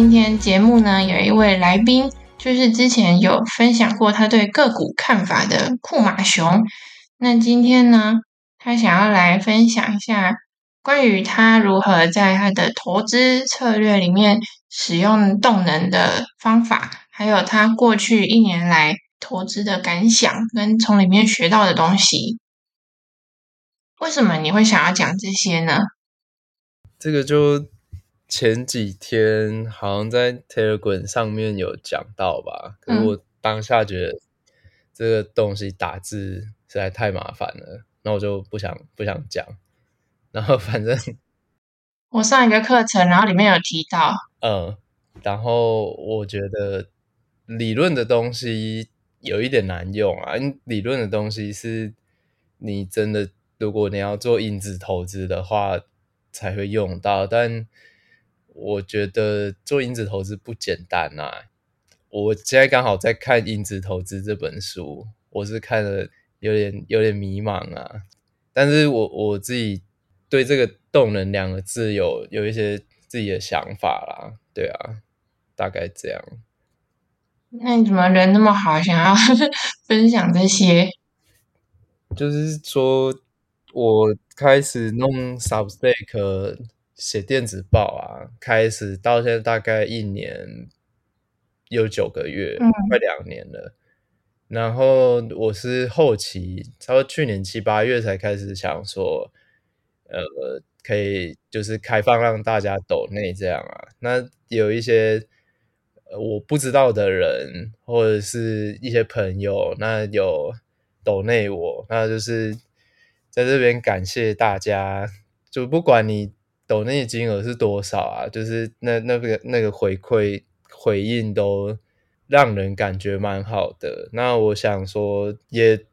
今天節目呢，有一位來賓，就是之前有分享過他對個股看法的庫馬熊。那今天呢，他想要來分享一下關於他如何在他的投資策略裡面使用動能的方法，還有他過去一年來投資的感想跟從裡面學到的東西。為什麼你會想要講這些呢？這個就。前幾天好像在 Telegram 上面有講到吧？可是我當下覺得這個東西打字實在太麻煩了，那我就不想不想講。然後反正我上一個課程，然後裡面有提到，嗯，然後我覺得理論的東西有一點難用啊。因為理論的東西是你真的如果你要做因子投資的話才會用到，但。我覺得做因子投資不簡單啊！我現在剛好在看《因子投資》這本書，我是看了有點有點迷茫啊。但是我我自己對這個“動能”兩個字有有一些自己的想法啦。對啊，大概這樣。那你怎麼人那麼好，想要分享這些？就是說我開始弄 Substack。寫電子報啊，開始到現在大概一年有九個月，嗯、快兩年了。然後我是後期，到去年七八月才開始想說，呃，可以就是開放讓大家抖內這樣啊。那有一些我不知道的人或者是一些朋友，那有抖內我，那就是在這邊感謝大家，就不管你。抖內金額是多少啊？就是那那個那個回饋回應都讓人感覺蠻好的。那我想說也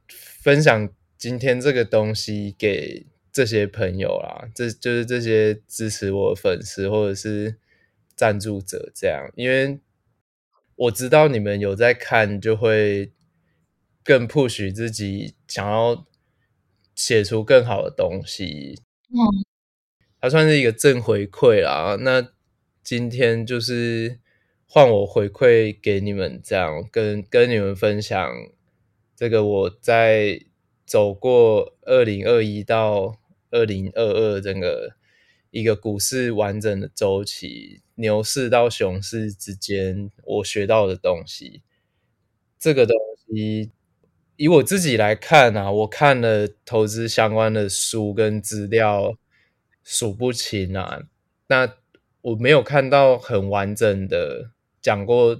分享今天這個東西給這些朋友啦，這就是這些支持我的粉絲或者是贊助者這樣，因為我知道你們有在看，就會更 push 自己想要寫出更好的東西。嗯。它算是一個正回饋啦。那今天就是換我回饋給你們，這樣，跟跟你們分享這個我在走過二零二一到二零二二整個一個股市完整的周期，牛市到熊市之間，我學到的東西。這個東西以我自己來看啊，我看了投資相關的書跟資料。數不清啊！那我沒有看到很完整的講過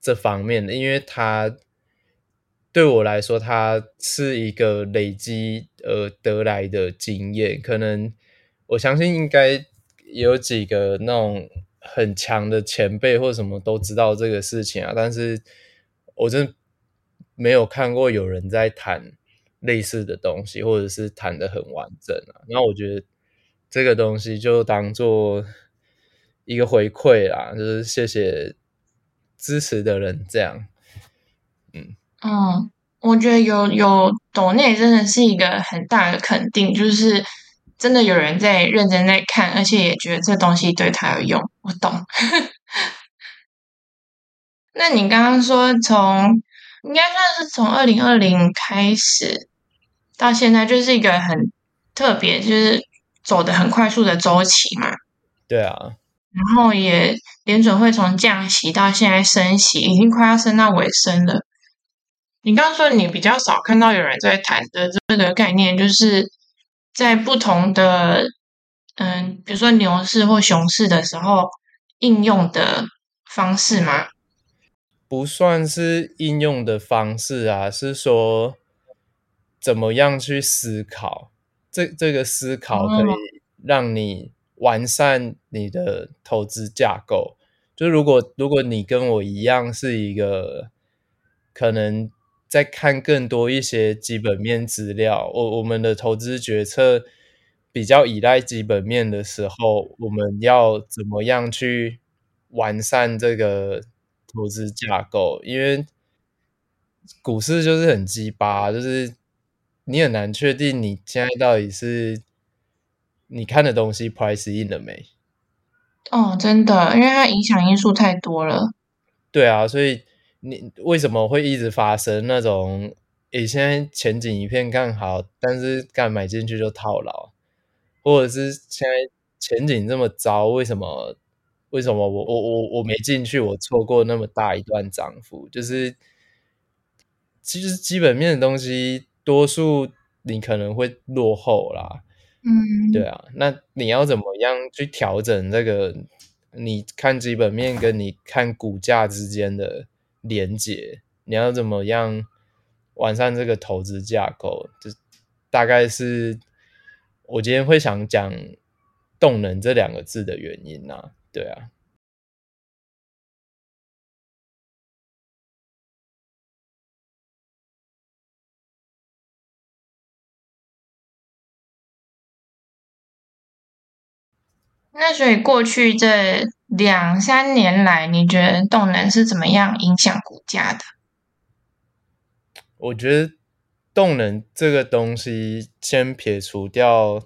這方面的，因為他對我來說，他是一個累積而得來的經驗。可能我相信應該有幾個那種很強的前輩或什麼都知道這個事情啊，但是我真沒有看過有人在談類似的東西，或者是談得很完整啊。那我覺得。這個東西就當作一個回饋啦，就是謝謝支持的人這樣。嗯嗯，我覺得有有抖內真的是一個很大的肯定，就是真的有人在認真在看，而且也覺得這東西對他有用。我懂。 那你剛剛說從應該算是從二零二零開始到現在，就是一個很特別，就是。走得很快速的週期嘛，對啊，然後也聯準會從降息到現在升息，已經快要升到尾聲了。你剛說你比較少看到有人在談的這個概念，就是在不同的嗯、呃，比如說牛市或熊市的時候應用的方式嗎？不算是應用的方式啊，是說怎麼樣去思考。這這個思考可以讓你完善你的投資架構。嗯、就如果如果你跟我一樣是一個可能在看更多一些基本面資料，我我們的投資決策比較依賴基本面的時候，我們要怎麼樣去完善這個投資架構？因為股市就是很雞巴啊，就是。你很難確定你現在到底是你看的東西 price in 了沒？哦，真的，因為它影響因素太多了。對啊，所以你為什麼會一直發生那種？誒，現在前景一片看好，但是剛買進去就套牢，或者是現在前景這麼糟，為什麼？為什麼我我我我沒進去，我錯過那麼大一段漲幅？就是其實、就是、基本面的東西。多數你可能會落後啦，嗯，對啊，那你要怎麼樣去調整這個？你看基本面跟你看股價之間的連結，你要怎麼樣完善這個投資架構？就大概是我今天會想講“動能”這兩個字的原因啊，對啊。那所以過去這兩三年來，你覺得動能是怎麼樣影響股價的？我覺得動能這個東西，先撇除掉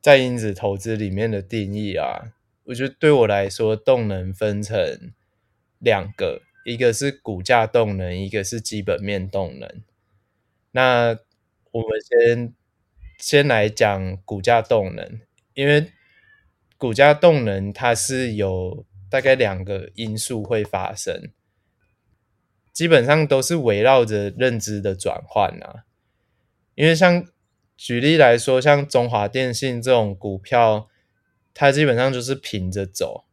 在因子投資裡面的定義啊。我覺得對我來說，動能分成兩個，一個是股價動能，一個是基本面動能。那我們先先來講股價動能，因為。股價動能，它是有大概兩個因素會發生，基本上都是圍繞着認知的轉換啊。因為像舉例來說，像中華電信這種股票，它基本上就是平着走，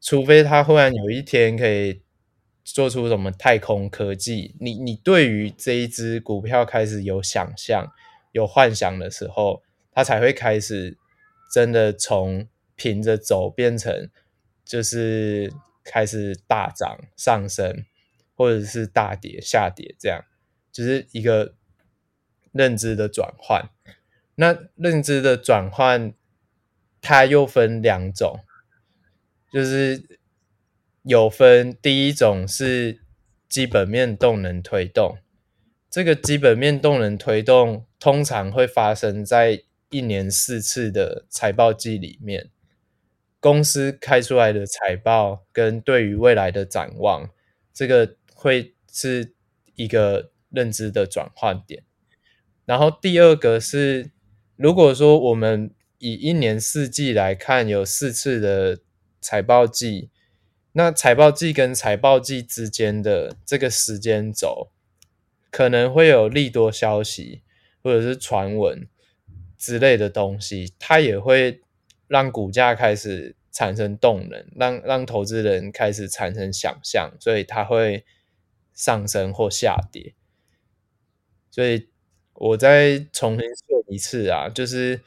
除非它忽然有一天可以做出什麼太空科技，你你對於這一支股票開始有想象、有幻想的時候，它才會開始。真的從平着走變成就是開始大漲上升，或者是大跌下跌，這樣就是一個認知的轉換。那認知的轉換，它又分兩種，就是有分第一種是基本面動能推動，這個基本面動能推動通常會發生在。一年四次的財報季裡面，公司開出來的財報跟對於未來的展望，這個會是一個認知的轉換點。然後第二個是，如果說我們以一年四季來看，有四次的財報季，那財報季跟財報季之間的這個時間軸，可能會有利多消息或者是傳聞。之類的東西，它也會讓股價開始產生動能，讓讓投資人開始產生想象，所以它會上升或下跌。所以我再重新說一次啊，就是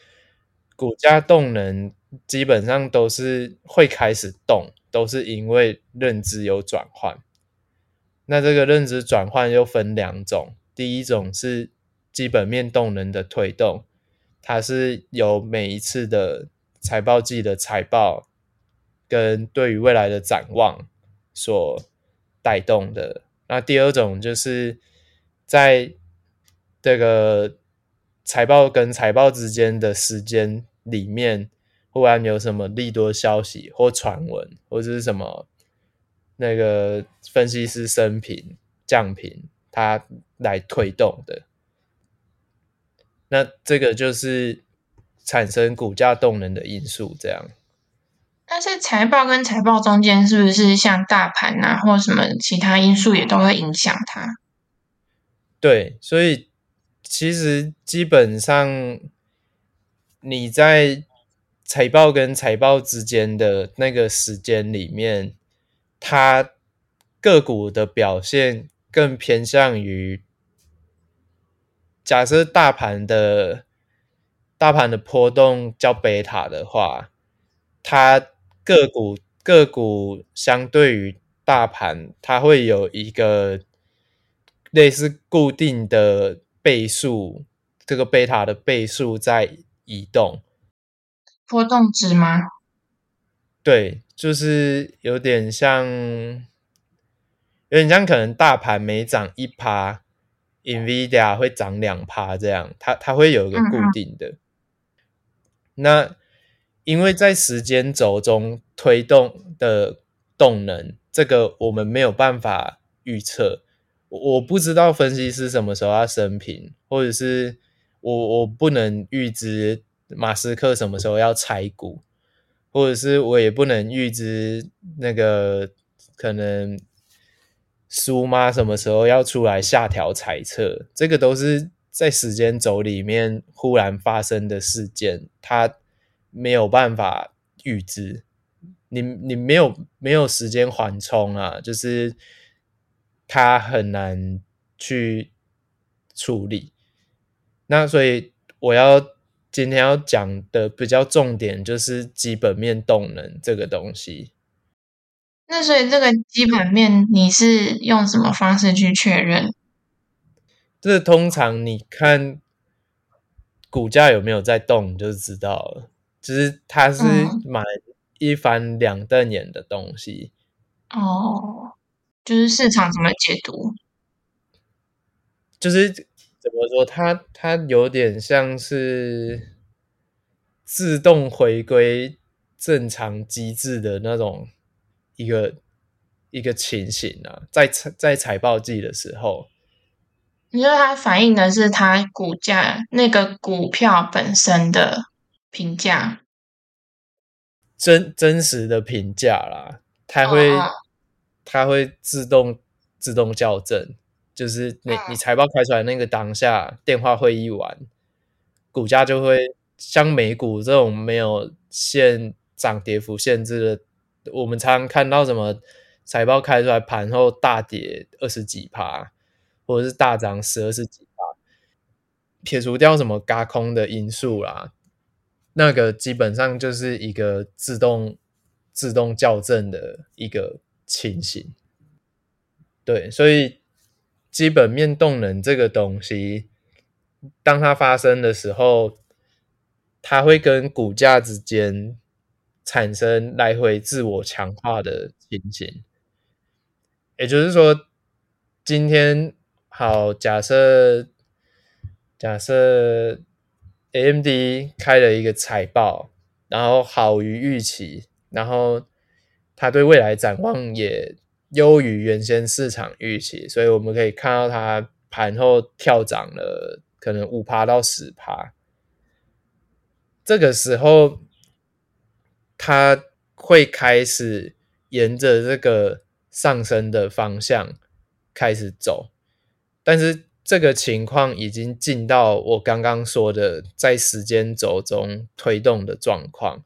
股價動能基本上都是會開始動，都是因為認知有轉換。那這個認知轉換又分兩種，第一種是基本面動能的推動。它是由每一次的財報季的財報，跟對於未來的展望所帶動的。那第二種就是，在這個財報跟財報之間的時間裡面，忽然有什麼利多消息或傳聞，或者是什麼那個分析師升評降評，它來推動的。那這個就是產生股價動能的因素，這樣。那在財報跟財報中間，是不是像大盤啊，或什麼其他因素也都會影響它？對，所以其實基本上你在財報跟財報之間的那個時間裡面，它個股的表現更偏向於。假設大盤的、大盤的波動叫貝塔的話，它個股個股相對於大盤，它會有一個類似固定的倍數，這個貝塔的倍數在移動。波動值嗎？對，就是有點像，有點像，可能大盤每漲一趴，NVIDIA 會漲兩趴，這樣它它會有一個固定的。嗯、哼那因為在時間軸中推動的動能，這個我們沒有辦法預測。我不知道分析師什麼時候要升評，或者是我我不能預知馬斯克什麼時候要拆股，或者是我也不能預知那個可能。蘇媽什麼時候要出來下調猜測？這個都是在時間軸裡面忽然發生的事件，他沒有辦法預知。你你沒有沒有時間緩衝啊，就是他很難去處理。那所以我要今天要講的比較重點，就是基本面動能這個東西。那所以這個基本面你是用什麼方式去確認？這通常你看股價有沒有在動，你就知道了。就是它是蠻一翻兩瞪眼的東西，嗯、哦，就是市場怎麼解讀？就是怎麼說，它它有點像是自動回歸正常機制的那種。一個一個情形啊，在在財報季的時候，你說它反映的是它股價那個股票本身的評價，真真實的評價啦，它會它、oh. 會自動自動校正，就是你、oh. 你財報開出來那個當下電話會議完，股價就會像美股這種沒有限漲跌幅限制的，我們常常看到什麼財報開出來盤後大跌二十幾趴，或者是大漲十二十幾趴，撇除掉什麼軋空的因素啦，那個基本上就是一個自動自動校正的一個情形。對，所以基本面動能這個東西，當它發生的時候，它會跟股價之間。產生來回自我強化的情形，也就是說，今天好假設，假設 AMD 開了一個財報，然後好於預期，然後它對未來展望也優於原先市場預期，所以我們可以看到它盤後跳漲了可能五趴到十趴，這個時候。它會開始沿着這個上升的方向開始走，但是這個情況已經進到我剛剛說的在時間軸中推動的狀況。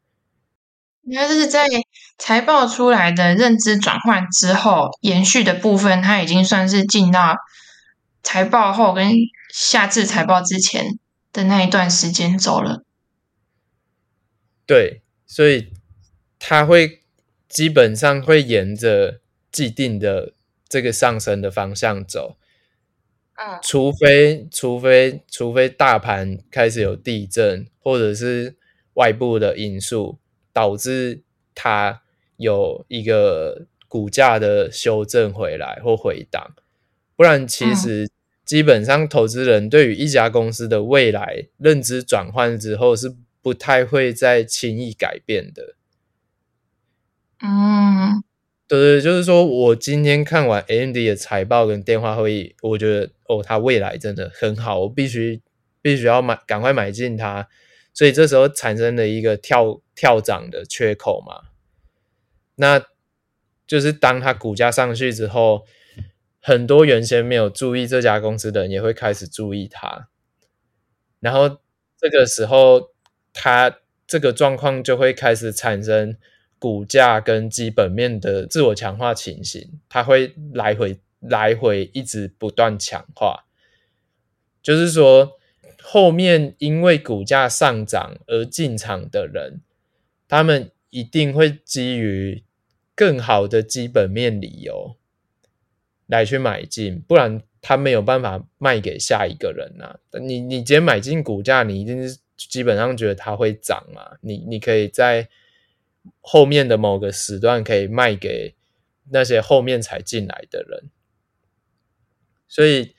應該是在財報出來的認知轉換之後延續的部分，它已經算是進到財報後跟下次財報之前的那一段時間走了。對，所以。它會基本上會沿着既定的這個上升的方向走啊，除非除非除非大盤開始有地震，或者是外部的因素導致它有一個股價的修正回來或回檔，不然其實基本上投資人對於一家公司的未來認知轉換之後是不太會再輕易改變的。嗯，對對，就是說我今天看完 AMD 的財報跟電話會議，我覺得哦，它未來真的很好，我必須必須要買，趕快買進它。所以這時候產生了一個跳跳漲的缺口嘛，那就是當它股價上去之後，很多原先沒有注意這家公司的人也會開始注意它，然後這個時候它這個狀況就會開始產生。股價跟基本面的自我強化情形，它會來回來回一直不斷強化。就是說，後面因為股價上漲而進場的人，他們一定會基於更好的基本面理由來去買進，不然他沒有辦法賣給下一個人啊。你你今天買進股價，你一定基本上覺得它會漲嘛。你你可以在。後面的某個時段可以賣給那些後面才進來的人，所以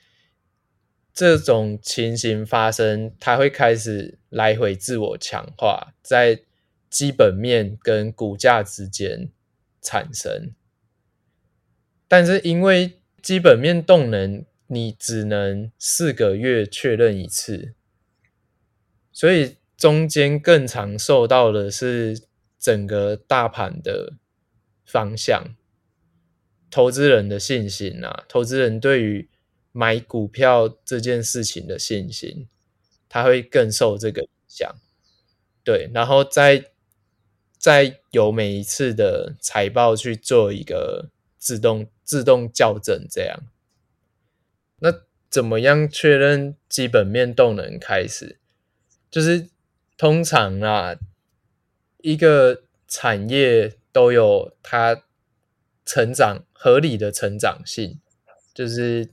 這種情形，發生，它會開始來回自我強化，在基本面跟股價之間產生。但是因為基本面動能，你只能四個月確認一次，所以中間更常受到的是。整個大盤的方向，投資人的信心吶、啊，投資人對於買股票這件事情的信心，他會更受這個影響。對，然後再再由每一次的財報去做一個自動自動校正，這樣。那怎麼樣確認基本面動能開始？就是通常啊。一個產業都有它成長合理的成長性，就是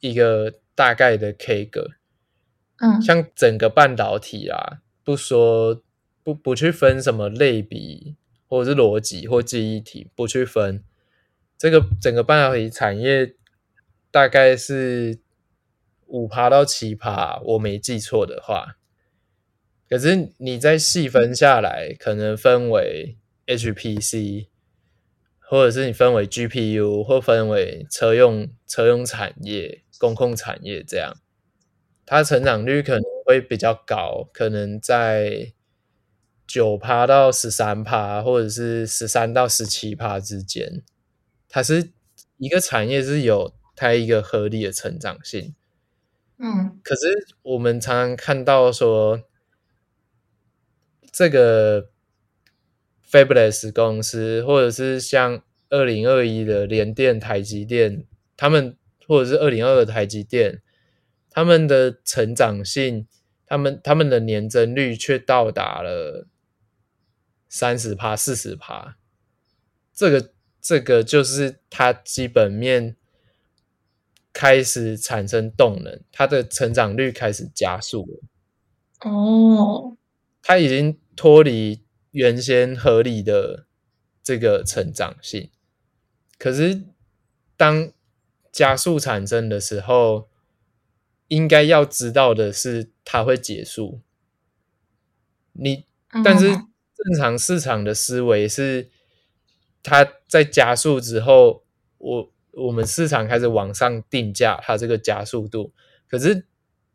一個大概的 K 個，嗯，像整個半導體啊，不說，不不去分什麼類比或者是邏輯或記憶體，不去分這個整個半導體產業大概是五趴到七趴，我沒記錯的話。可是你再細分下來，可能分為 HPC，或者是你分為 GPU，或分為車用車用產業、工控產業這樣，它成長率可能會比較高，可能在九趴到十三趴，或者是十三到十七趴之間，它是一個產業是有它一個合理的成長性。嗯，可是我們常常看到說。這個 Fabless 公司，或者是像二零二一的聯電、台積電，他們或者是二零二二台積電，他們的成長性，他們他們的年增率卻到達了三十趴、四十趴，這個這個就是它基本面開始產生動能，它的成長率開始加速了哦，oh. 它已經，脫離原先合理的這個成長性，可是當加速產生的時候，應該要知道的是它會結束。你但是正常市場的思維是，它在加速之後，我我們市場開始往上定價它這個加速度。可是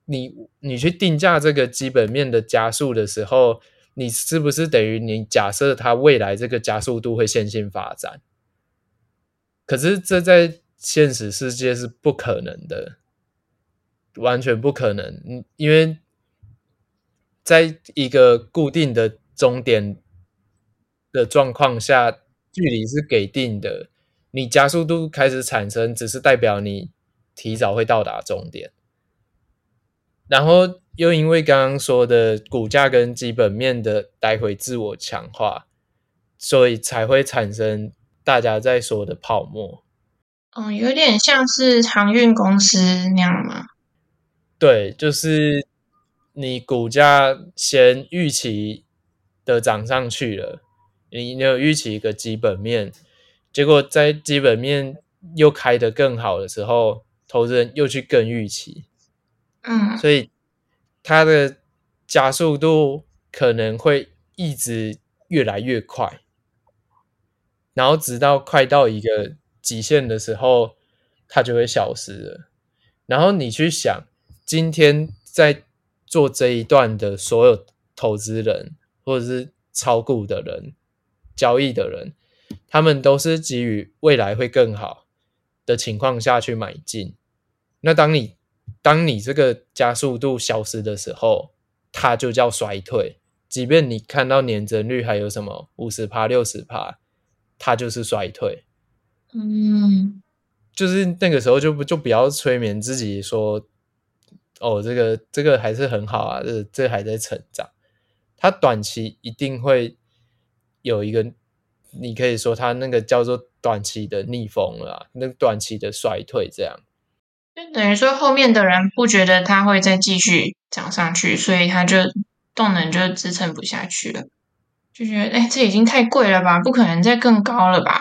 你你去定價這個基本面的加速的時候，你是不是等於你假設它未來這個加速度會線性發展？可是這在現實世界是不可能的，完全不可能。嗯，因為在一個固定的終點的狀況下，距離是給定的，你加速度開始產生，只是代表你提早會到達終點。然後又因為剛剛說的股價跟基本面的來回自我強化，所以才會產生大家在說的泡沫。嗯、哦，有點像是航運公司那樣嗎？對，就是你股價先預期的漲上去了，你你有預期一個基本面，結果在基本面又開得更好的時候，投資人又去更預期。嗯，所以它的加速度可能會一直越來越快，然後直到快到一個極限的時候，它就會消失了。然後你去想，今天在做這一段的所有投資人或者是炒股的人、交易的人，他們都是基於未來會更好的情況下去買進。那當你當你這個加速度消失的時候，它就叫衰退。即便你看到年增率還有什麼五十趴六十趴，它就是衰退。嗯，就是那個時候就不就不要催眠自己說，哦，這個這個還是很好啊，這個、這個、還在成長。它短期一定會有一個，你可以說它那個叫做短期的逆風了、啊，那短期的衰退這樣。就等於說，後面的人不覺得它會再繼續漲上去，所以它就動能就支撐不下去了，就覺得誒，這已經太貴了吧，不可能再更高了吧？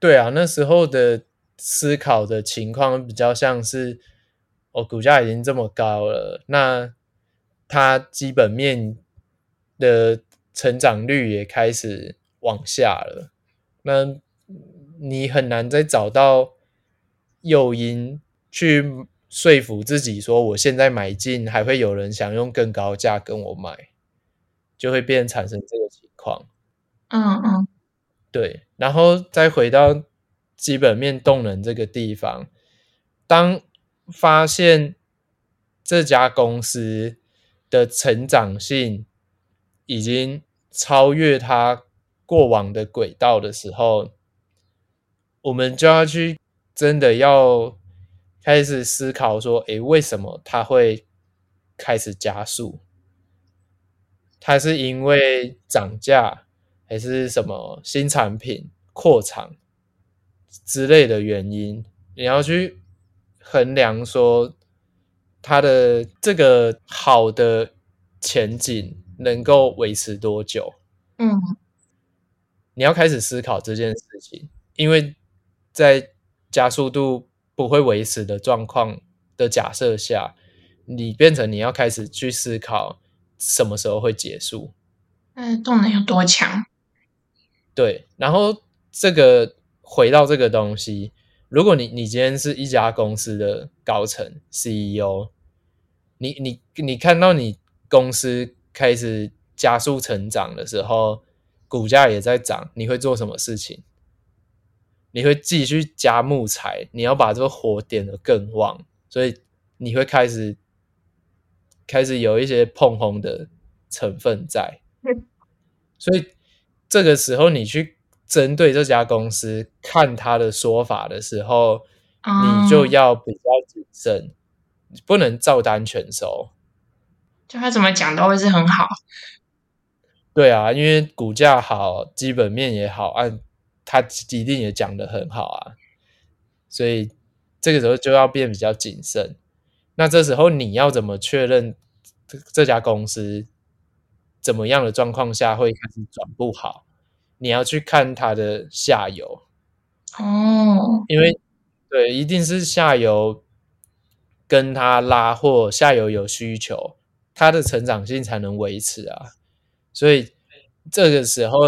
對啊，那時候的思考的情況比較像是，哦，股價已經這麼高了，那它基本面的成長率也開始往下了，那你很難再找到。誘因去說服自己說，我現在買進，還會有人想用更高價跟我買，就會變成產生這個情況。嗯嗯，對。然後再回到基本面動能這個地方，當發現這家公司的成長性已經超越它過往的軌道的時候，我們就要去。真的要開始思考說，誒、欸，為什麼它會開始加速？它是因為漲價，還是什麼新產品擴張之類的原因？你要去衡量說，它的這個好的前景能夠維持多久？嗯，你要開始思考這件事情，因為在。加速度不會維持的狀況的假設下，你變成你要開始去思考什麼時候會結束。嗯、呃，動能有多強？對，然後這個回到這個東西，如果你你今天是一家公司的高層 CEO，你你你看到你公司開始加速成長的時候，股價也在漲，你會做什麼事情？你會自己去加木材，你要把這個火點得更旺，所以你會開始開始有一些膨風的成分在。嗯、所以這個時候你去針對這家公司看他的說法的時候，嗯、你就要比較謹慎，不能照單全收。就他怎麼講都會是很好。對啊，因為股價好，基本面也好，按。他一定也講得很好啊，所以這個時候就要變比較謹慎。那這時候你要怎麼確認這家公司怎麼樣的狀況下會開始轉不好？你要去看它的下游哦，因為對，一定是下游跟他拉貨，下游有需求，它的成長性才能維持啊。所以這個時候。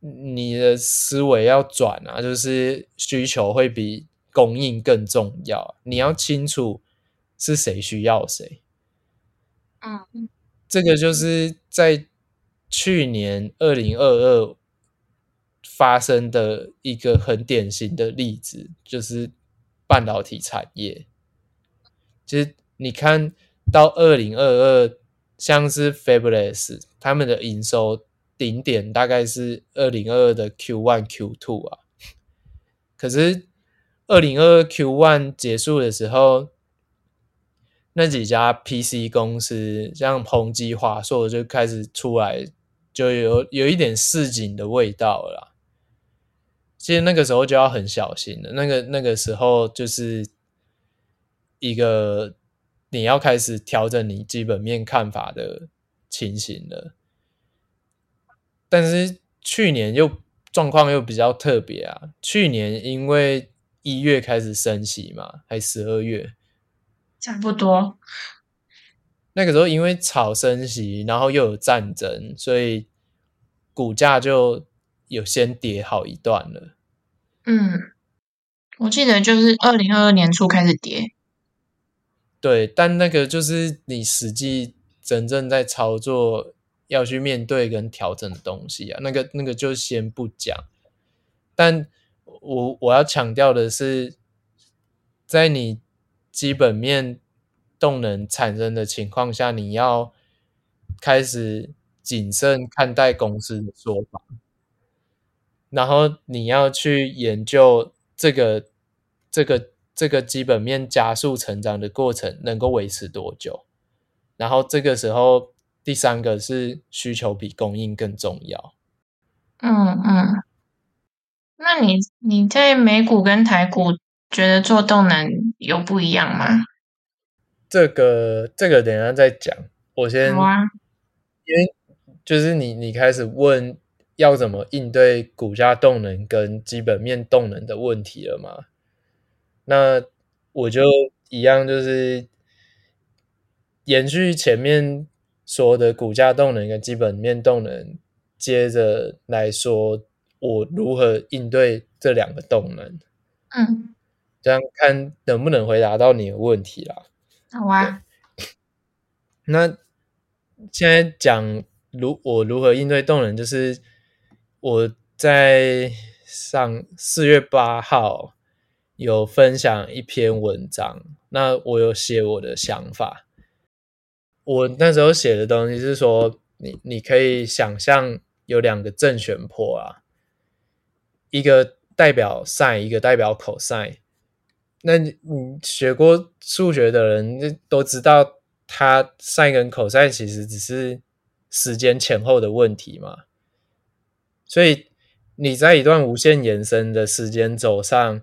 你的思維要轉啊，就是需求會比供應更重要。你要清楚是誰需要誰。嗯，這個就是在去年二零二二發生的一個很典型的例子，就是半導體產業。其實你看到二零二二，像是 Fabless 他們的營收。頂點大概是二零二二的 Q one Q two 啊。可是二零二二 Q one 結束的時候，那幾家 PC 公司像宏碁華碩就開始出來，就有有一點市井的味道了啦。其實那個時候就要很小心了，那個那個時候就是一個你要開始調整你基本面看法的情形了。但是去年又狀況又比較特別啊，去年因為一月開始升息嘛，還十二月，差不多。那個時候因為炒升息，然後又有戰爭，所以股價就有先跌好一段了。嗯，我記得就是二零二二年初開始跌。對，但那個就是你實際真正在操作要去面對跟調整的東西啊，那個那個就先不講。但我我要強調的是，在你基本面動能產生的情況下，你要開始謹慎看待公司的說法，然後你要去研究這個這個這個基本面加速成長的過程能夠維持多久，然後這個時候。第三個是需求比供應更重要。嗯嗯，那你你在美股跟台股覺得做動能有不一樣嗎？這個這個等一下再講，我先，啊、因為就是你你開始問要怎麼應對股價動能跟基本面動能的問題了嗎？那我就一樣，就是延續前面。說的股價動能跟基本面動能，接着來說我如何應對這兩個動能。嗯，這樣看能不能回答到你的問題啦？好啊。那現在講如我如何應對動能，就是我在上四月八號有分享一篇文章，那我有寫我的想法。我那時候寫的東西是說你，你你可以想象有兩個正弦波啊，一個代表 sin，一個代表 cosine。那你你學過數學的人，都知道它 sin 跟 cos 其實只是時間前後的問題嘛。所以你在一段無限延伸的時間軸上，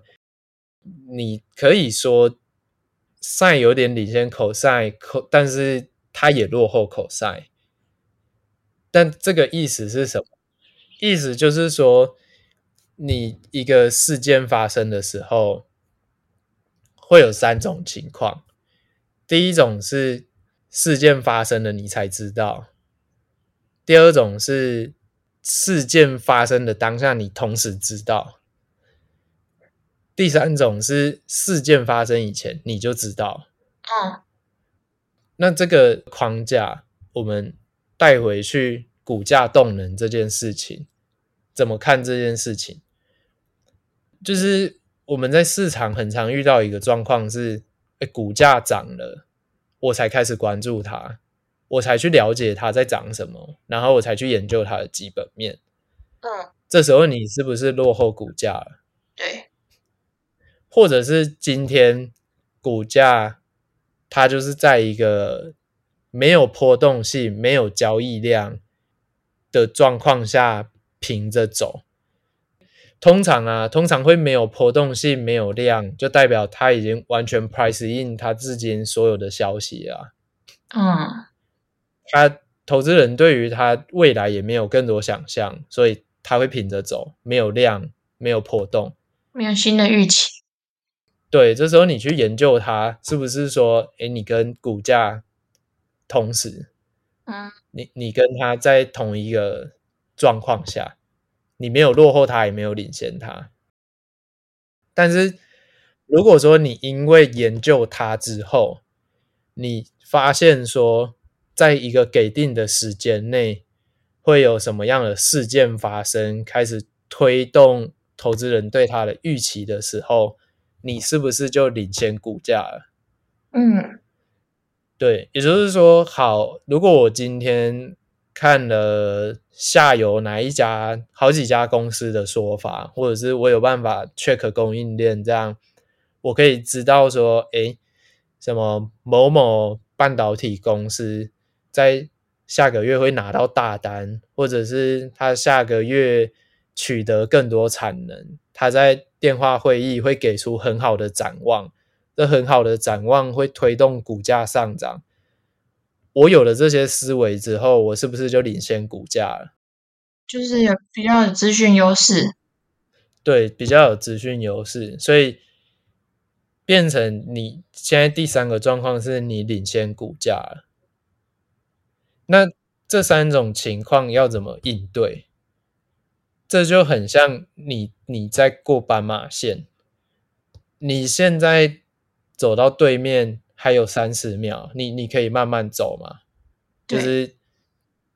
你可以說 sin 有點領先 cosine，cos 但是。它也落後口塞，但這個意思是什麼？意思就是說，你一個事件發生的時候，會有三種情況：第一種是事件發生了，你才知道；第二種是事件發生的當下你同時知道；第三種是事件發生以前你就知道。嗯。那這個框架，我們帶回去股價動能這件事情，怎麼看這件事情？就是我們在市場很常遇到一個狀況是，哎，股價漲了，我才開始關注它，我才去了解它在漲什麼，然後我才去研究它的基本面。嗯，這時候你是不是落後股價了？對，或者是今天股價，它就是在一個沒有波動性、沒有交易量的狀況下平着走。通常啊，通常會沒有波動性、沒有量，就代表它已經完全 price in 它至今所有的消息了。哦。啊，他投資人對於他未來也沒有更多想象，所以他會平着走，沒有量，沒有波動，沒有新的預期。對，這時候你去研究它，是不是說，哎，你跟股價同時，嗯，你你跟它在同一個狀況下，你沒有落後它，也沒有領先它。但是，如果說你因為研究它之後，你發現說，在一個給定的時間內，會有什麼樣的事件發生，開始推動投資人對它的預期的時候。你是不是就領先股價了？嗯，對，也就是說，好，如果我今天看了下游哪一家、好幾家公司的說法，或者是我有辦法 check 供應鏈這樣，我可以知道說，誒、欸，什麼某某半導體公司在下個月會拿到大單，或者是他下個月取得更多產能。他在電話會議會給出很好的展望，這很好的展望會推動股價上漲。我有了這些思維之後，我是不是就領先股價了？就是有比較有資訊優勢。對，比較有資訊優勢，所以變成你現在第三個狀況是你領先股價了。那這三種情況要怎麼應對？這就很像你你在過斑馬線，你現在走到對面還有三十秒，你你可以慢慢走嘛，對就是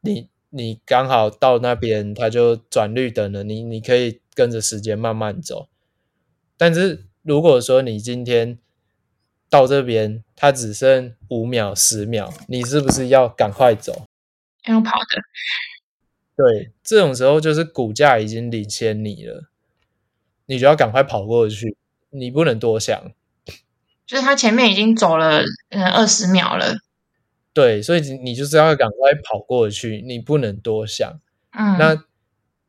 你你剛好到那邊它就轉綠燈了，你你可以跟着時間慢慢走。但是如果說你今天到這邊，它只剩五秒十秒，你是不是要趕快走？要跑的。對，這種時候就是股價已經領先你了，你就要趕快跑過去，你不能多想。就是他前面已經走了二十秒了，對，所以你就是要趕快跑過去，你不能多想。嗯，那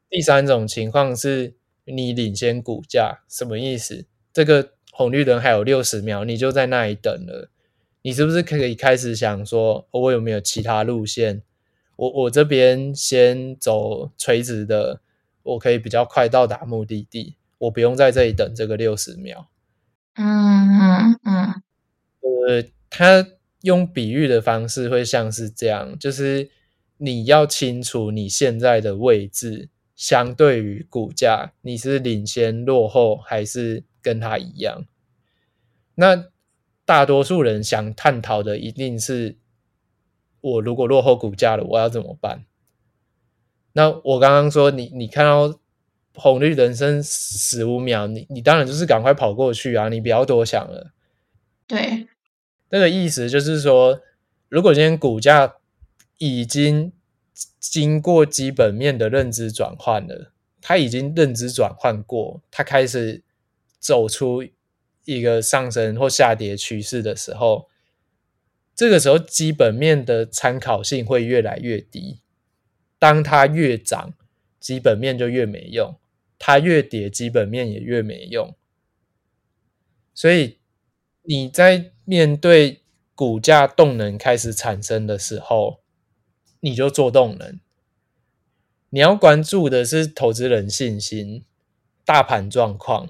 第三種情況是你領先股價，什麼意思？這個紅綠燈還有六十秒，你就在那裡等了，你是不是可以開始想說，哦，我有沒有其他路線？我我這邊先走垂直的，我可以比較快到達目的地，我不用在這裡等這個六十秒。嗯嗯嗯，嗯呃，他用比喻的方式會像是這樣，就是你要清楚你現在的位置相對於股價，你是領先、落後還是跟他一樣。那大多數人想探討的一定是。我如果落後股價了，我要怎麼辦？那我剛剛說，你你看到紅綠燈剩十五秒，你你當然就是趕快跑過去啊！你不要多想了。對，那個意思就是說，如果今天股價已經經過基本面的認知轉換了，它已經認知轉換過，它開始走出一個上升或下跌趨勢的時候。這個時候，基本面的參考性會越來越低。當它越漲，基本面就越沒用；它越跌，基本面也越沒用。所以，你在面對股價動能開始產生的時候，你就做動能。你要關注的是投資人信心、大盤狀況、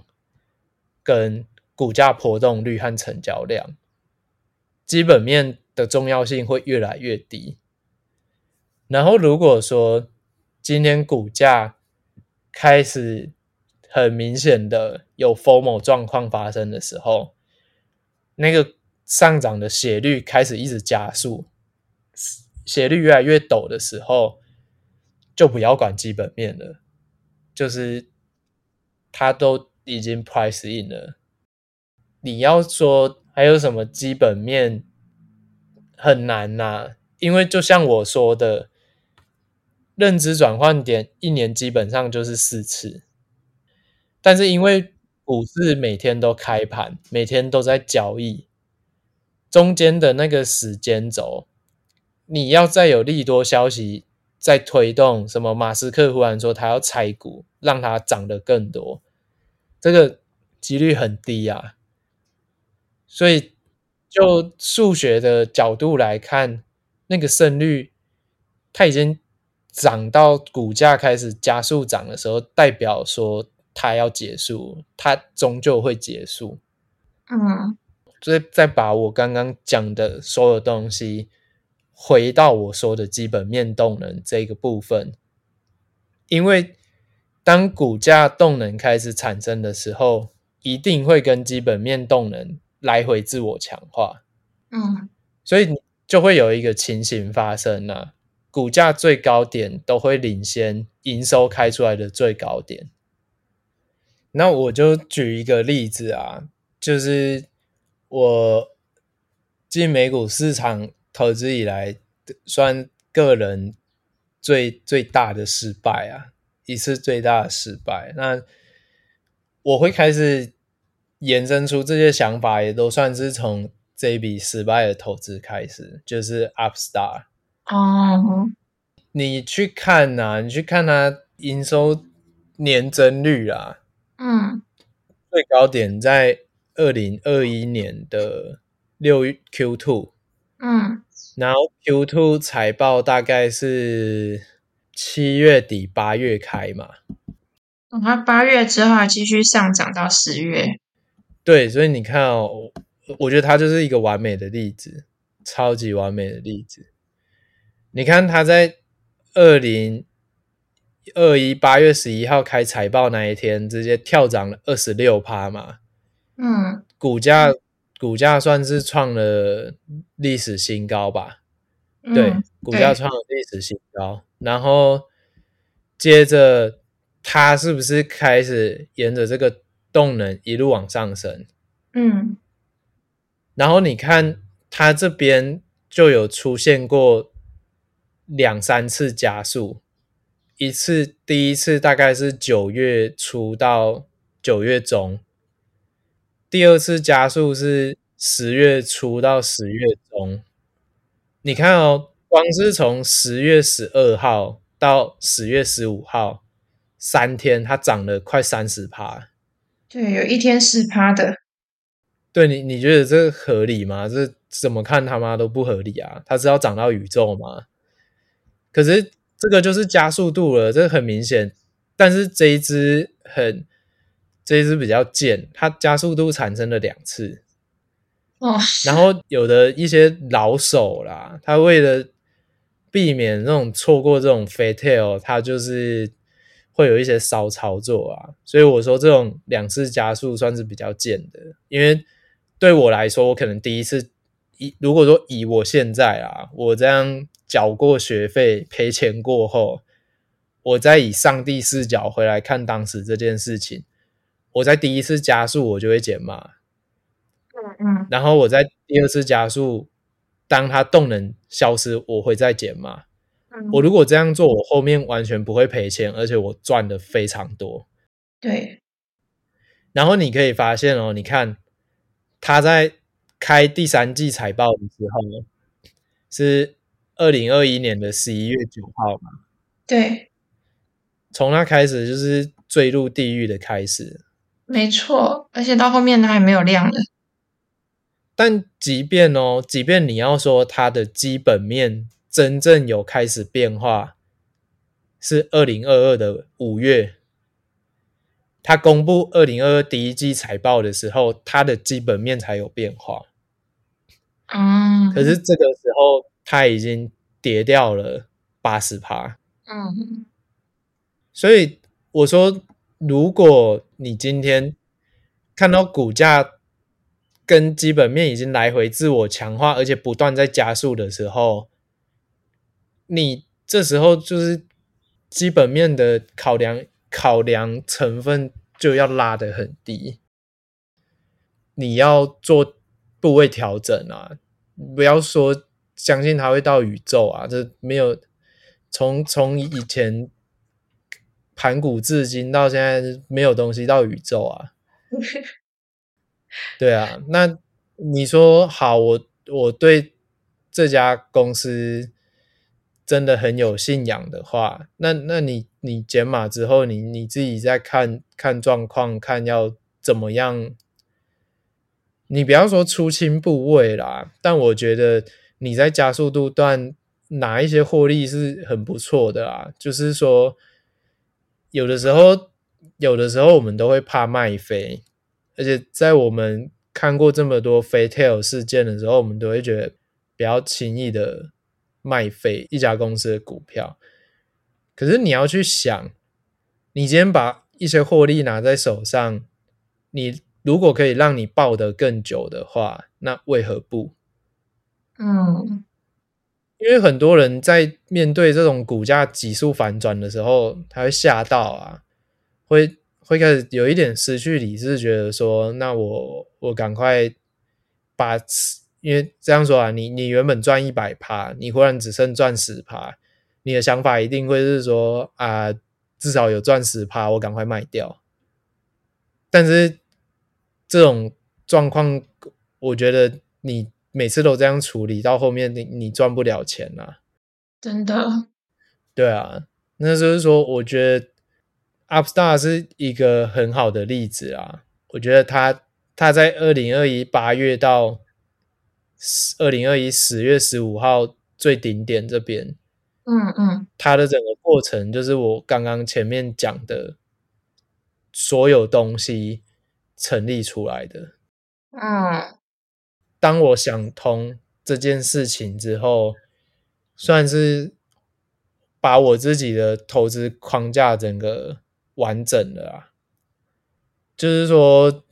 跟股價波動率和成交量。基本面的重要性會越來越低。然後，如果說今天股價開始很明顯的有 FOMO 狀況發生的時候，那個上漲的斜率開始一直加速，斜率越來越陡的時候，就不要管基本面了，就是它都已經 price in 了。你要說。還有什麼基本面很難吶？因為就像我說的，認知轉換點一年基本上就是四次，但是因為股市每天都開盤，每天都在交易，中間的那個時間軸，你要再有利多消息再推動，什麼馬斯克忽然說他要拆股，讓它漲得更多，這個幾率很低啊。所以，就數學的角度來看，那個勝率，它已經漲到股價開始加速漲的時候，代表說它要結束，它終究會結束。嗯，所以再把我剛剛講的所有東西，回到我說的基本面動能這個部分，因為當股價動能開始產生的時候，一定會跟基本面動能。來回自我強化，嗯，所以就會有一個情形發生呢、啊，股價最高點都會領先營收開出來的最高點。那我就舉一個例子啊，就是我進美股市場投資以來，算個人最最大的失敗啊，一次最大的失敗。那我會開始。延伸出這些想法，也都算是從這筆失敗的投資開始，就是 Upstar 哦、oh. 啊。你去看吶、啊，你去看它營收年增率啊，嗯，最高點在二零二一年的六月 Q two，嗯，然後 Q two 財報大概是七月底八月開嘛，然後八月之後還繼續上漲到十月。對，所以你看哦，我覺得他就是一個完美的例子，超級完美的例子。你看他在二零二一八月十一號開財報那一天，直接跳漲了二十六趴嘛，嗯，股價股價算是創了歷史新高吧？對，股價創了歷史新高。然後接着他是不是開始沿着這個動能一路往上升，嗯，然後你看它這邊就有出現過兩三次加速，一次第一次大概是九月初到九月中，第二次加速是十月初到十月中，你看哦，光是從十月十二號到十月十五號三天長，它漲了快三十趴。對，有一天是趴的。對，你你覺得這合理嗎？這怎麼看他媽都不合理啊！它是要漲到宇宙嗎？可是這個就是加速度了，這很明顯。但是這一只很，這一只比較賤，它加速度產生了兩次。哦。然後有的一些老手啦，他為了避免那種錯過這種 fat tail，他就是。會有一些騷操作啊，所以我說這種兩次加速算是比較賤的，因為對我來說，我可能第一次以，如果說以我現在啊，我這樣繳過學費賠錢過後，我再以上帝視角回來看當時這件事情，我在第一次加速我就會減碼，嗯嗯，然後我在第二次加速，當它動能消失，我會再減碼。我如果這樣做，我後面完全不會賠錢，而且我賺的非常多。對，然後你可以發現哦，你看他在開第三季財報的時候是二零二一年的十一月九號嘛？對，從那開始就是墜入地獄的開始。沒錯，而且到後面他還沒有亮的。但即便哦，即便你要說他的基本面。真正有開始變化是二零二二的五月，他公布二零二二第一季財報的時候，它的基本面才有變化。嗯，可是這個時候他已經跌掉了八十趴。嗯，所以我說，如果你今天看到股價跟基本面已經來回自我強化，而且不斷在加速的時候，你這時候就是基本面的考量，考量成分就要拉得很低。你要做部位調整啊，不要說相信它會到宇宙啊，這沒有從從以前盤古至今到現在沒有東西到宇宙啊。 對啊，那你說好，我我對這家公司。真的很有信仰的話，那那你你減碼之後你，你你自己再看看狀況，看要怎麼樣。你不要說出清部位啦，但我覺得你在加速度段拿一些獲利是很不錯的啊。就是說，有的時候有的時候我們都會怕賣飛，而且在我們看過這麼多 fatal 事件的時候，我們都會覺得比較輕易的。賣飛一家公司的股票，可是你要去想，你今天把一些獲利拿在手上，你如果可以讓你抱得更久的話，那為何不？嗯，因為很多人在面對這種股價急速反轉的時候，他會嚇到啊，會會開始有一點失去理智，是覺得說，那我我趕快把。因為這樣說啊，你你原本賺一百趴，你忽然只剩賺十趴，你的想法一定會是說啊，至少有賺十趴，我趕快賣掉。但是這種狀況，我覺得你每次都這樣處理，到後面你你賺不了錢啊，真的。對啊，那就是說，我覺得 Upstar 是一個很好的例子啊。我覺得他他在二零二一八月到。二零二一十月十五號最頂點這邊，嗯嗯，它的整個過程就是我剛剛前面講的，所有東西成立出來的。嗯，當我想通這件事情之後，算是把我自己的投資框架整個完整了啊，就是說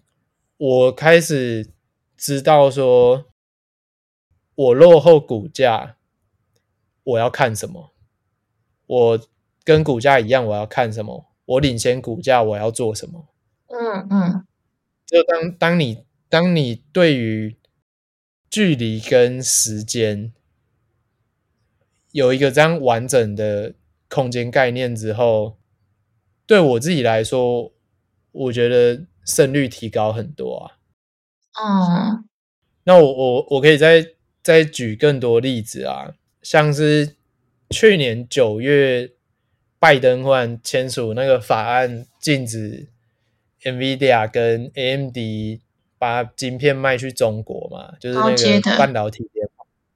我開始知道說。我落後股價，我要看什麼？我跟股價一樣，我要看什麼？我領先股價，我要做什麼？嗯嗯。嗯，就當當你當你對於距離跟時間有一個這樣完整的空間概念之後，對我自己來說，我覺得勝率提高很多啊。嗯。那我我我可以再。再舉更多例子啊，像是去年九月，拜登忽然簽署那個法案，禁止 Nvidia 跟 AMD 把晶片賣去中國嘛，就是那個半導體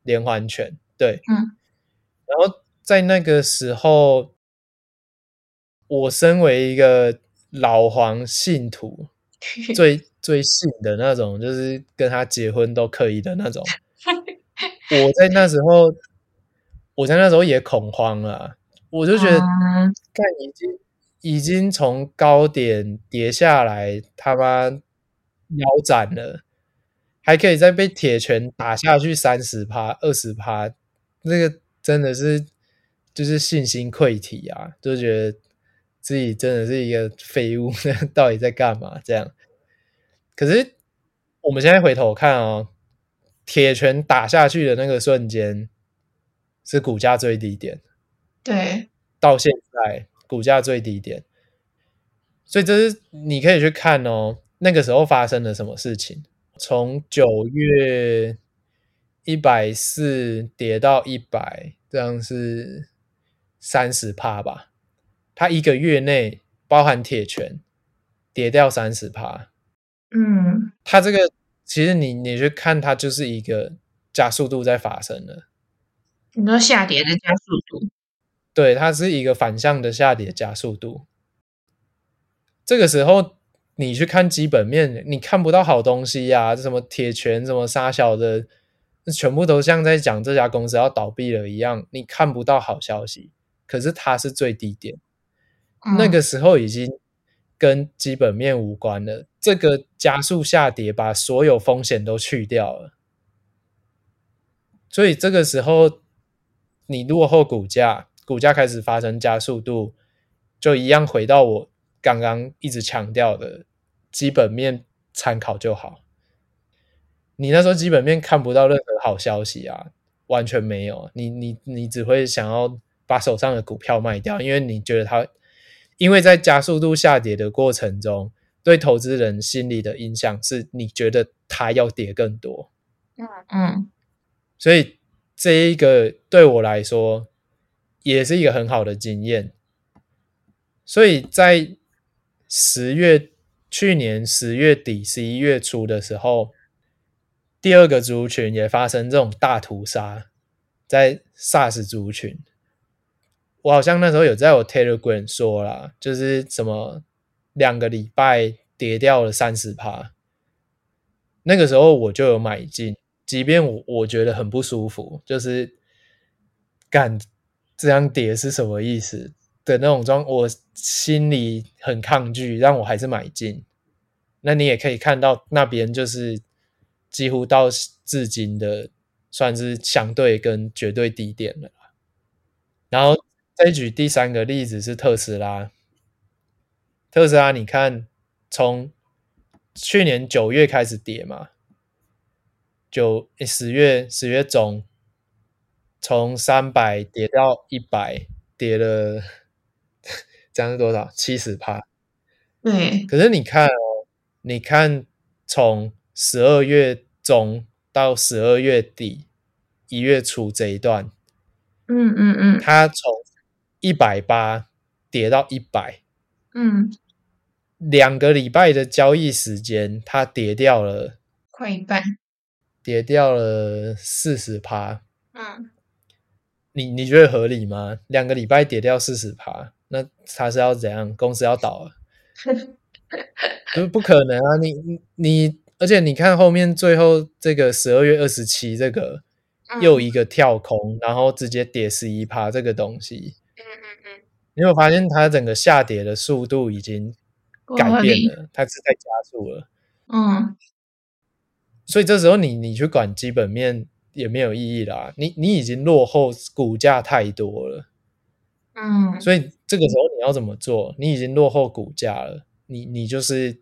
連環拳，嗯、導體連環拳，對，嗯。然後在那個時候，我身為一個老黃信徒，最最信的那種，就是跟他結婚都可以的那種。 我在那時候，我在那時候也恐慌了、啊。我就覺得，uh、看已經已經從高點跌下來，他媽腰斬了，還可以再被鐵拳打下去三十趴、二十趴，那個真的是就是信心潰堤啊！就覺得自己真的是一個廢物， 到底在幹嘛？這樣。可是我們現在回頭看啊、喔。鐵拳打下去的那個瞬間，是股價最低點。對，到現在股價最低點，所以這是你可以去看哦，那個時候發生了什麼事情？從九月一百四跌到一百，這樣是三十趴吧？它一個月內包含鐵拳跌掉三十趴。嗯，它這個。其實你你去看它就是一個加速度在發生了，你說下跌的加速度，對，它是一個反向的下跌加速度。這個時候你去看基本面，你看不到好東西呀、啊，什麼鐵拳、什麼沙小的，全部都像在講這家公司要倒閉了一樣，你看不到好消息。可是它是最低點，那個時候已經。跟基本面無關的這個加速下跌，把所有風險都去掉了，所以這個時候你落後股價，股價開始發生加速度，就一樣回到我剛剛一直強調的基本面參考就好。你那時候基本面看不到任何好消息啊，完全沒有，你你你只會想要把手上的股票賣掉，因為你覺得它。因為在加速度下跌的過程中，對投資人心理的影響是你覺得他要跌更多。嗯嗯，所以這一個對我來說也是一個很好的經驗。所以在十月、去年十月底、十一月初的時候，第二個族群也發生這種大屠殺，在 SARS 族群。我好像那時候有在我 Telegram 說啦，就是什麼兩個禮拜跌掉了三十趴，那個時候我就有買進，即便我我覺得很不舒服，就是幹這樣跌是什麼意思的那種狀，我心裡很抗拒，讓我還是買進。那你也可以看到那邊就是幾乎到至今的算是相對跟絕對低點了，然後。再舉第三個例子是特斯拉，特斯拉，你看從去年九月開始跌嘛，九、欸、十月、十月中，從三百跌到一百，跌了這樣是多少？七十趴。Okay. 嗯。可是你看哦，你看從十二月中到十二月底、一月初這一段，嗯嗯嗯，hmm. 它從一百八跌到一百，嗯，兩個禮拜的交易時間，它跌掉了快一半，跌掉了四十趴，嗯，你你覺得合理嗎？兩個禮拜跌掉四十趴，那它是要怎樣？公司要倒了？不 不可能啊！你你你，而且你看後面最後這個十二月二十七這個又一個跳空，嗯，然後直接跌十一趴，這個東西。你有發現它整個下跌的速度已經改變了，它是在加速了。嗯，所以這時候你你去管基本面也沒有意義啦，你你已經落後股價太多了。嗯，所以這個時候你要怎麼做？你已經落後股價了，你你就是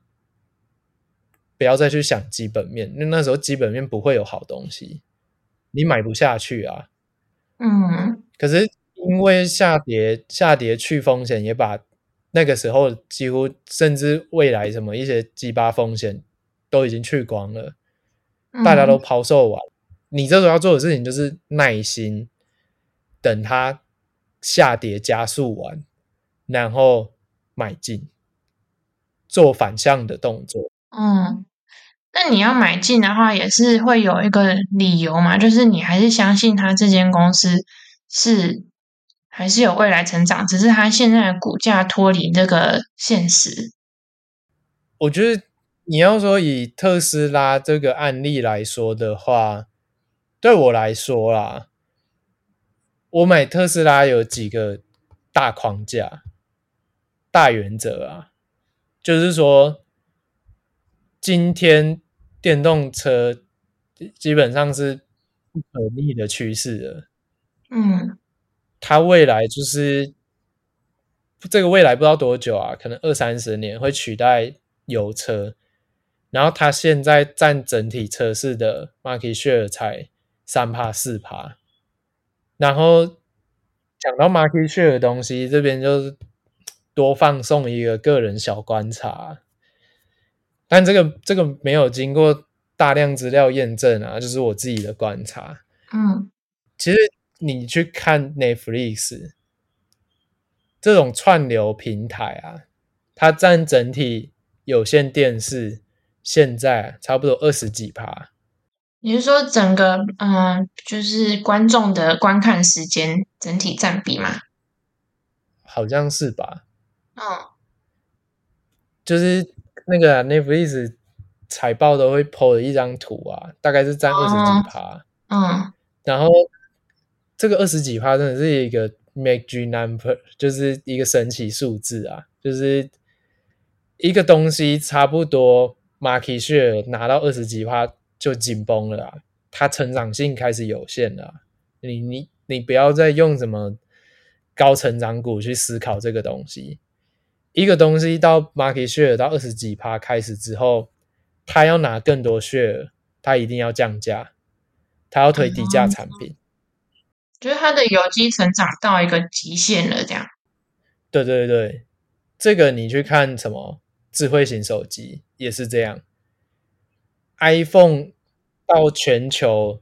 不要再去想基本面，那那時候基本面不會有好東西，你買不下去啊。嗯，可是。因為下跌，下跌去風險也把那個時候幾乎甚至未來什麼一些雞巴風險都已經去光了，大家都拋售完。嗯，你這時候要做的事情就是耐心等它下跌加速完，然後買進做反向的動作。嗯，那你要買進的話，也是會有一個理由嘛？就是你還是相信他這間公司是。還是有未來成長，只是它現在的股價脫離這個現實。我覺得你要說以特斯拉這個案例來說的話，對我來說啦，我買特斯拉有幾個大框架、大原則啊，就是說今天電動車基本上是不可逆的趨勢了。嗯。它未來就是這個未來不知道多久啊，可能二三十年會取代油車。然後它現在占整體車市的 market share 才三趴四趴。然後講到 market share 的東西，這邊就是多放送一個個人小觀察啊。但這個這個沒有經過大量資料驗證啊，就是我自己的觀察。嗯，其實。你去看 Netflix 這種串流平台啊，它占整體有線電視現在、啊、差不多二十幾趴。你是說整個嗯、呃，就是觀眾的觀看時間整體占比嗎？好像是吧。嗯，就是那個、啊、Netflix 財報都會 PO 一張圖啊，大概是占二十幾趴、哦。嗯，然後。這個二十幾趴真的是一個 magic number，就是一個神奇數字啊！就是一個東西差不多 market share 拿到二十幾趴就緊繃了、啊，它成長性開始有限了、啊。你你你不要再用什麼高成長股去思考這個東西。一個東西到 market share 到二十幾趴開始之後，它要拿更多 share，它一定要降價，它要推低價產品。覺得它的有機成長到一個極限了，這樣。對對對，這個你去看什麼智慧型手機也是這樣，iPhone 到全球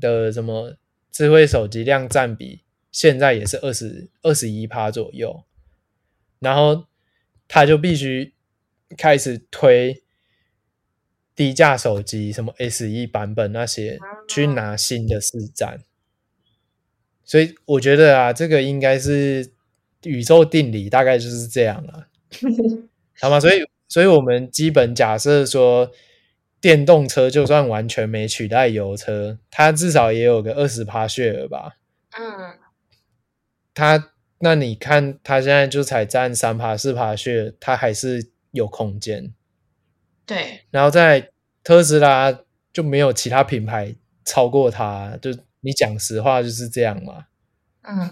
的什麼智慧手機量佔比，現在也是二十二十一趴左右，然後它就必須開始推低價手機，什麼 SE 版本那些，oh. 去拿新的市佔。所以我覺得啊，這個應該是宇宙定理，大概就是這樣了，啊，好、 啊、嗎？所以，所以我們基本假設說，電動車就算完全沒取代油車，它至少也有個二十趴雪吧？嗯。它，那你看，它現在就才佔三趴四趴雪，它還是有空間。對，然後在特斯拉就沒有其他品牌超過它，就。你講實話就是這樣嘛。嗯，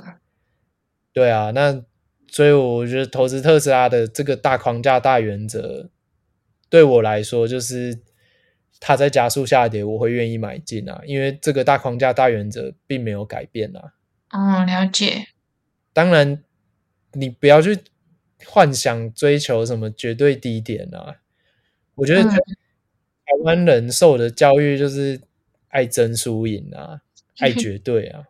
對啊。那所以我覺得投資特斯拉的這個大框架大原則，對我來說就是它在加速下跌，我會願意買進啊。因為這個大框架大原則並沒有改變啊。哦、嗯，了解。當然，你不要去幻想追求什麼絕對低點啊。我覺得台灣人受的教育就是愛爭輸贏啊。太絕對啊！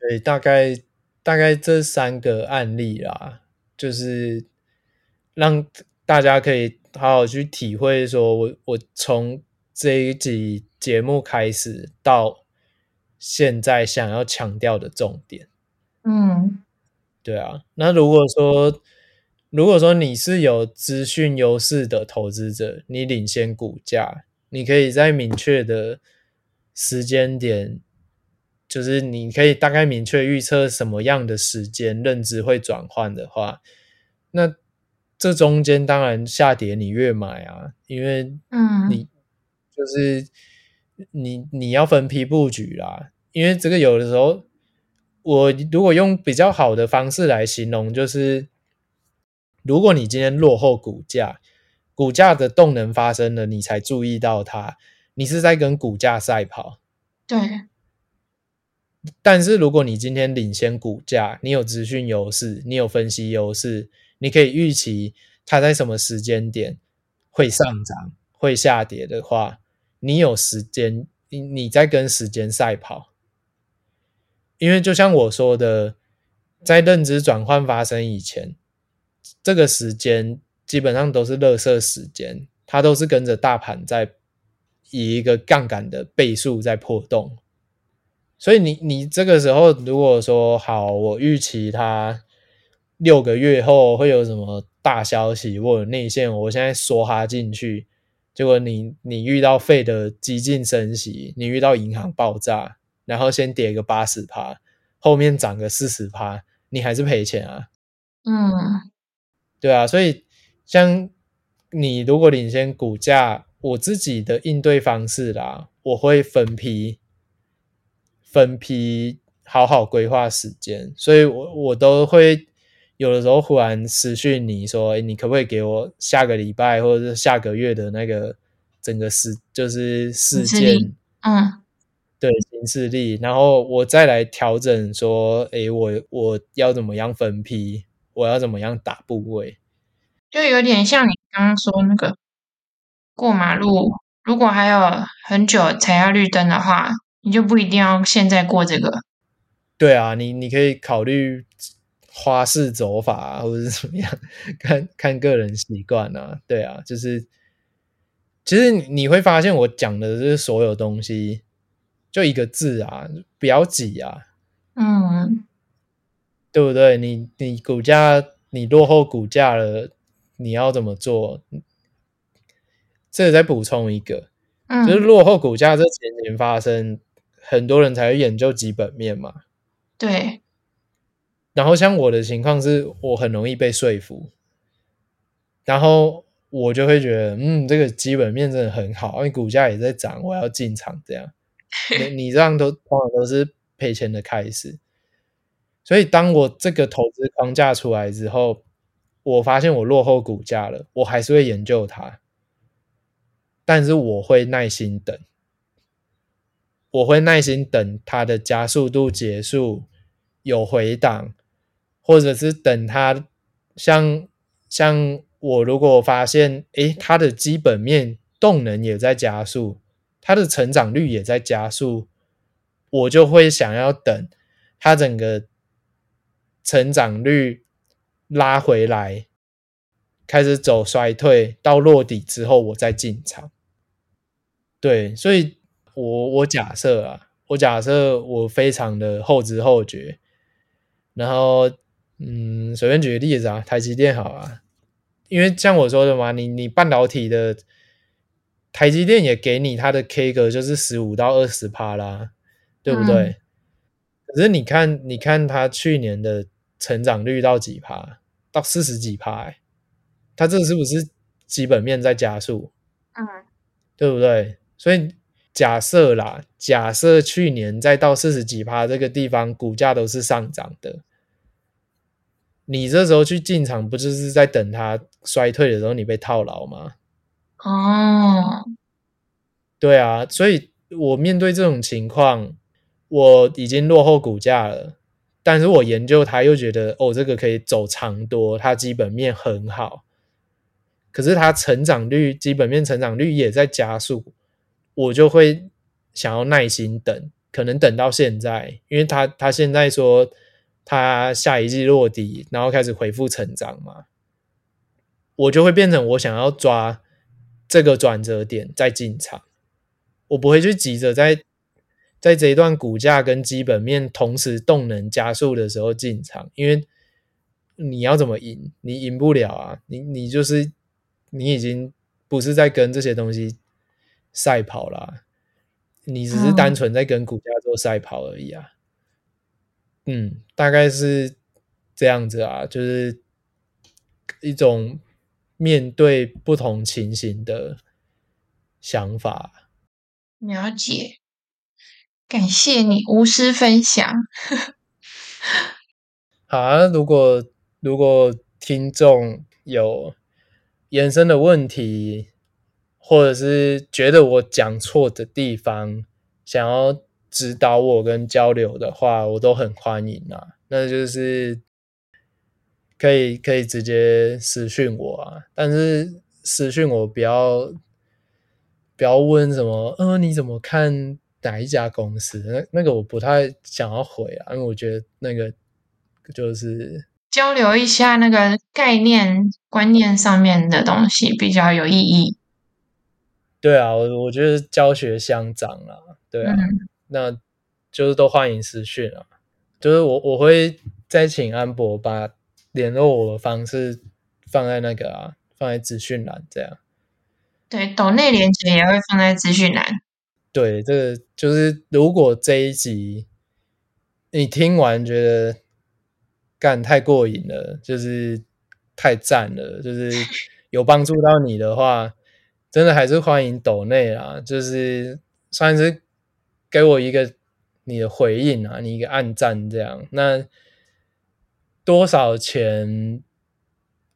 所以 大概大概這三個案例啦，就是讓大家可以好好去體會說，我我從這一集節目開始到現在想要強調的重點。嗯，對啊。那如果說如果說你是有資訊優勢的投資者，你領先股價，你可以再明確的。時間點就是你可以大概明確預測什麼樣的時間認知會轉換的話，那這中間當然下跌，你越買啊，因為你嗯，你就是你你要分批布局啦，因為這個有的時候我如果用比較好的方式來形容，就是如果你今天落後股價，股價的動能發生了，你才注意到它。你是在跟股價賽跑，對。但是如果你今天領先股價，你有資訊優勢，你有分析優勢，你可以預期它在什麼時間點會上漲、會下跌的話，你有時間，你你在跟時間賽跑。因為就像我說的，在認知轉換發生以前，這個時間基本上都是垃圾時間，它都是跟着大盤在以一個槓桿的倍數在波動，所以你你這個時候如果說好，我預期它六個月後會有什麼大消息或者內線，我現在梭哈進去，結果你你遇到 Fed 的激進升息，你遇到銀行爆炸，然後先跌個八十趴，後面漲個四十趴，你還是賠錢啊？嗯，對啊，所以像你如果領先股價。我自己的應對方式啦，我會分批、分批好好規劃時間，所以我我都會有的時候忽然私訊你說，哎，你可不可以給我下個禮拜或者是下個月的那個整個事就是事件，事嗯，對，行事曆，然後我再來調整說，哎，我我要怎麼樣分批，我要怎麼樣打部位，就有點像你剛剛說那個。過馬路，如果還有很久才要綠燈的話，你就不一定要現在過這個。對啊，你你可以考慮花式走法啊，或者是怎麼樣？看看個人習慣啊。對啊，就是其實你,你會發現，我講的是所有東西，就一個字啊，不要擠啊。嗯，對不對？你你股價你落後股價了，你要怎麼做？這再補充一個，就是落後股價這情形發生，嗯、很多人才會研究基本面嘛。對。然後像我的情況是，我很容易被說服，然後我就會覺得，嗯，這個基本面真的很好，因為股價也在漲，我要進場這樣。 你這樣都往往都是賠錢的開始。所以當我這個投資框架出來之後，我發現我落後股價了，我還是會研究它。但是我會耐心等，我會耐心等它的加速度結束，有回檔，或者是等它像，像我如果發現，誒它、欸、的基本面動能也在加速，它的成長率也在加速，我就會想要等它整個成長率拉回來，開始走衰退，到落底之後，我再進場。對，所以我，我我假設啊，我假設我非常的後知後覺，然後，嗯，隨便舉個例子啊，台積電好啊，因為像我說的嘛，你你半導體的台積電也給你它的 K 值就是十五到二十趴啦，對不對？嗯、可是你看，你看它去年的成長率到幾趴？到四十幾趴、欸，它這是不是基本面在加速？嗯，對不對？所以假設啦，假設去年再到四十幾趴這個地方，股價都是上漲的，你這時候去進場，不就是在等它衰退的時候你被套牢嗎？哦，對啊，所以我面對這種情況，我已經落後股價了，但是我研究它又覺得，哦，這個可以走長多，它基本面很好，可是它成長率，基本面成長率也在加速。我就會想要耐心等，可能等到現在，因為他他現在說他下一季落底，然後開始恢復成長嘛，我就會變成我想要抓這個轉折點再進場，我不會去急着在在這一段股價跟基本面同時動能加速的時候進場，因為你要怎麼贏，你贏不了啊，你你就是你已經不是在跟這些東西。賽跑啦！你只是單純在跟股價做賽跑而已啊。嗯，大概是這樣子啊，就是一種面對不同情形的想法。了解，感謝你無私分享。 好啊，如果如果聽眾有延伸的問題。或者是覺得我講錯的地方，想要指導我跟交流的話，我都很歡迎啊。那就是可以可以直接私訊我啊。但是私訊我不要不要問什麼，呃，你怎麼看哪一家公司？那那個我不太想要回啊，因為我覺得那個就是交流一下那個概念觀念上面的東西比較有意義。對啊，我我覺得教學相長啊，對啊，嗯、那就是都歡迎私訊啊，就是我我會再請安柏把聯絡我的方式放在那個啊，放在資訊欄這樣。對，抖內連結也會放在資訊欄。對，這個、就是如果這一集你聽完覺得幹太過癮了，就是太讚了，就是有幫助到你的話。 真的還是歡迎抖內啦，就是算是給我一個你的回應啊，你一個按讚這樣。那多少錢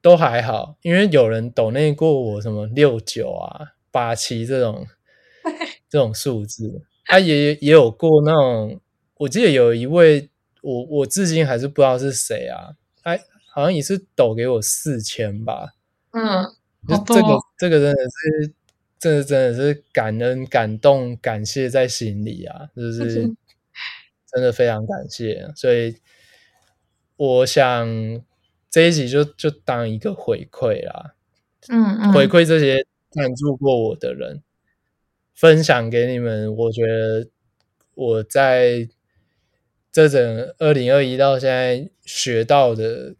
都還好，因為有人抖內過我什麼六九啊、八七這種 Okay. 這種數字，他、啊、也也有過那種。我記得有一位，我我至今還是不知道是誰啊，哎、啊，好像也是抖給我四千吧，嗯。這個、哦、這個真的是，真的真的是感恩、感動、感謝在心裡啊！就是真的非常感謝、啊，所以我想這一集就就當一個回饋啦，嗯，嗯，回饋這些贊助過我的人，分享給你們。我覺得我在這整二零二一到現在學到的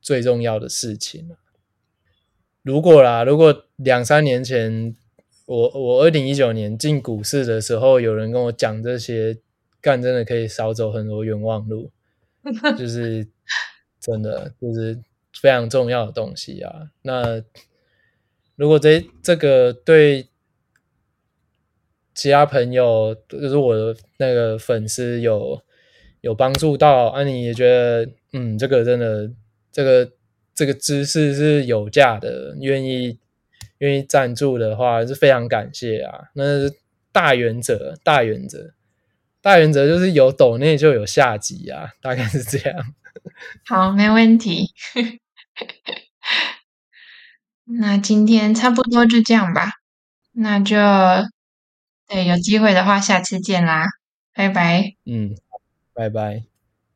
最重要的事情了。如果啦，如果兩三年前我我二零一九年進股市的時候，有人跟我講這些，幹真的可以少走很多冤枉路，就是真的就是非常重要的東西啊。那如果這這個對其他朋友，就是我的那個粉絲有有幫助到，啊你也覺得嗯，這個真的這個。這個知識是有價的，願意願意贊助的話是非常感謝啊。那是大原則，大原則，大原則就是有抖內就有下集啊，大概是這樣。好，沒問題。 那今天差不多就這樣吧，那就對有機會的話下次見啦，拜拜。嗯，拜拜。